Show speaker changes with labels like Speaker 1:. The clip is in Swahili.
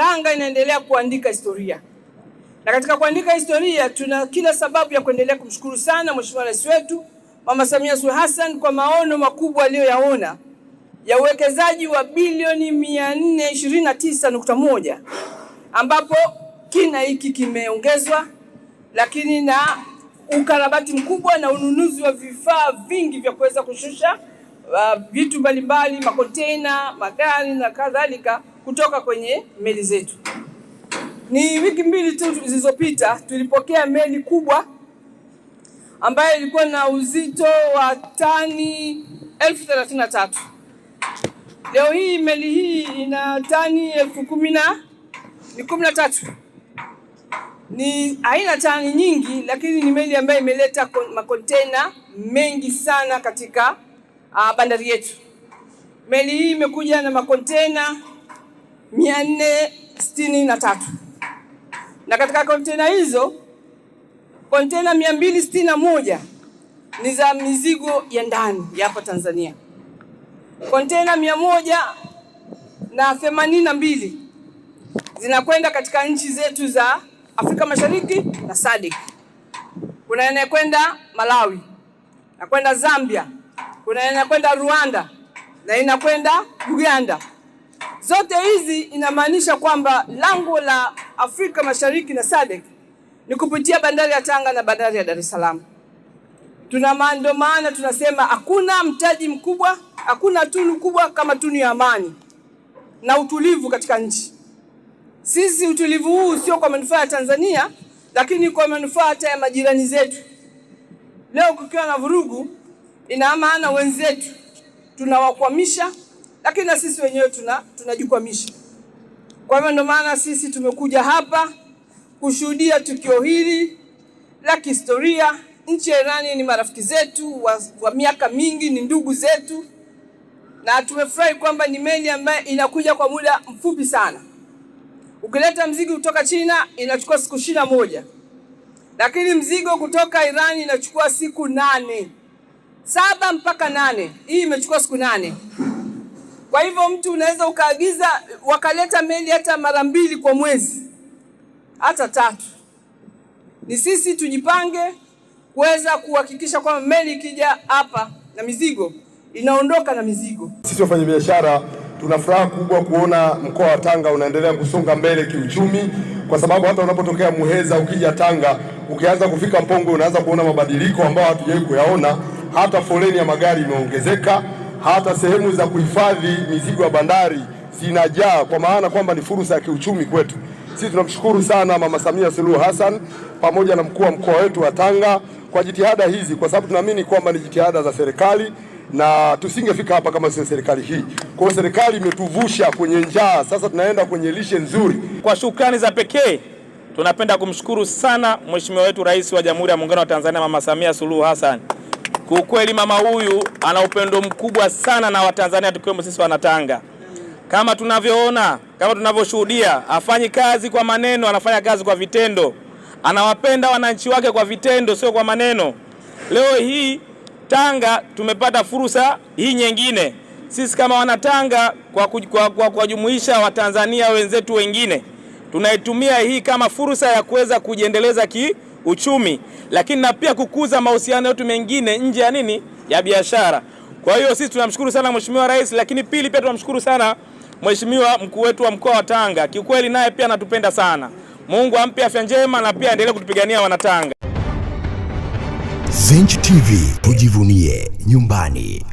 Speaker 1: Tanga inaendelea kuandika historia, na katika kuandika historia tuna kila sababu ya kuendelea kumshukuru sana Mheshimiwa Rais wetu Mama Samia Suluhu Hassan kwa maono makubwa aliyoyaona ya uwekezaji wa bilioni 429.1 ambapo kina hiki kimeongezwa, lakini na ukarabati mkubwa na ununuzi wa vifaa vingi vya kuweza kushusha uh, vitu mbalimbali, makontena, magari na kadhalika kutoka kwenye meli zetu. Ni wiki mbili tu zilizopita tulipokea meli kubwa ambayo ilikuwa na uzito wa tani elfu thelathini na tatu. Leo hii meli hii ina tani elfu kumi na ni kumi na tatu. Ni haina tani nyingi, lakini ni meli ambayo imeleta makontena mengi sana katika uh, bandari yetu. Meli hii imekuja na makontena 463 na katika kontena hizo kontena moja ni za mizigo ya ndani ya hapa Tanzania, kontena mbili zinakwenda katika nchi zetu za Afrika Mashariki na SADC. Kuna inakwenda Malawi na kwenda Zambia, kuna inakwenda Rwanda na inakwenda Uganda. Zote hizi inamaanisha kwamba lango la Afrika Mashariki na SADC ni kupitia bandari ya Tanga na bandari ya Dar es Salaam. Tuna ndio maana tunasema hakuna mtaji mkubwa, hakuna tunu kubwa kama tunu ya amani na utulivu katika nchi. Sisi utulivu huu sio kwa manufaa ya Tanzania, lakini kwa manufaa hata ya majirani zetu. Leo kukiwa na vurugu, ina maana wenzetu tunawakwamisha lakini na sisi wenyewe tuna tunajikwamisha. Kwa hiyo ndio maana sisi tumekuja hapa kushuhudia tukio hili la kihistoria. Nchi ya Irani ni marafiki zetu wa, wa miaka mingi, ni ndugu zetu, na tumefurahi kwamba ni meli ambayo inakuja kwa muda mfupi sana. Ukileta mzigo kutoka China inachukua siku ishirini na moja lakini mzigo kutoka Irani inachukua siku nane saba mpaka nane. Hii imechukua siku nane. Kwa hivyo mtu unaweza ukaagiza wakaleta meli hata mara mbili kwa mwezi hata tatu. Ni sisi tujipange kuweza kuhakikisha kwamba meli ikija hapa na mizigo inaondoka na mizigo.
Speaker 2: Sisi wafanyabiashara tuna furaha kubwa kuona mkoa wa Tanga unaendelea kusonga mbele kiuchumi, kwa sababu hata unapotokea Muheza ukija Tanga, ukianza kufika Pongwe unaanza kuona mabadiliko ambayo hatujawahi kuyaona. Hata foleni ya magari imeongezeka hata sehemu za kuhifadhi mizigo ya bandari zinajaa, kwa maana kwamba ni fursa ya kiuchumi kwetu. Sisi tunamshukuru sana Mama Samia Suluhu Hassan pamoja na mkuu wa mkoa wetu wa Tanga kwa jitihada hizi, kwa sababu tunaamini kwamba ni jitihada za serikali na tusingefika hapa kama sio serikali hii. Kwa hiyo serikali imetuvusha kwenye njaa, sasa tunaenda kwenye lishe nzuri.
Speaker 3: Kwa shukrani za pekee tunapenda kumshukuru sana mheshimiwa wetu Rais wa Jamhuri ya Muungano wa Tanzania Mama Samia Suluhu Hassan. Kiukweli mama huyu ana upendo mkubwa sana na Watanzania tukiwemo sisi Wanatanga, kama tunavyoona, kama tunavyoshuhudia. Afanyi kazi kwa maneno, anafanya kazi kwa vitendo. Anawapenda wananchi wake kwa vitendo, sio kwa maneno. Leo hii Tanga tumepata fursa hii nyingine sisi kama Wanatanga kwa kuwajumuisha kwa, kwa Watanzania wenzetu wengine, tunaitumia hii kama fursa ya kuweza kujiendeleza ki uchumi, lakini na pia kukuza mahusiano yetu mengine nje ya nini, ya biashara. Kwa hiyo sisi tunamshukuru sana Mheshimiwa Rais, lakini pili pia tunamshukuru sana Mheshimiwa mkuu wetu wa mkoa wa Tanga, kiukweli naye pia anatupenda sana. Mungu ampe afya njema na pia aendelee kutupigania Wanatanga. Zenj TV tujivunie nyumbani.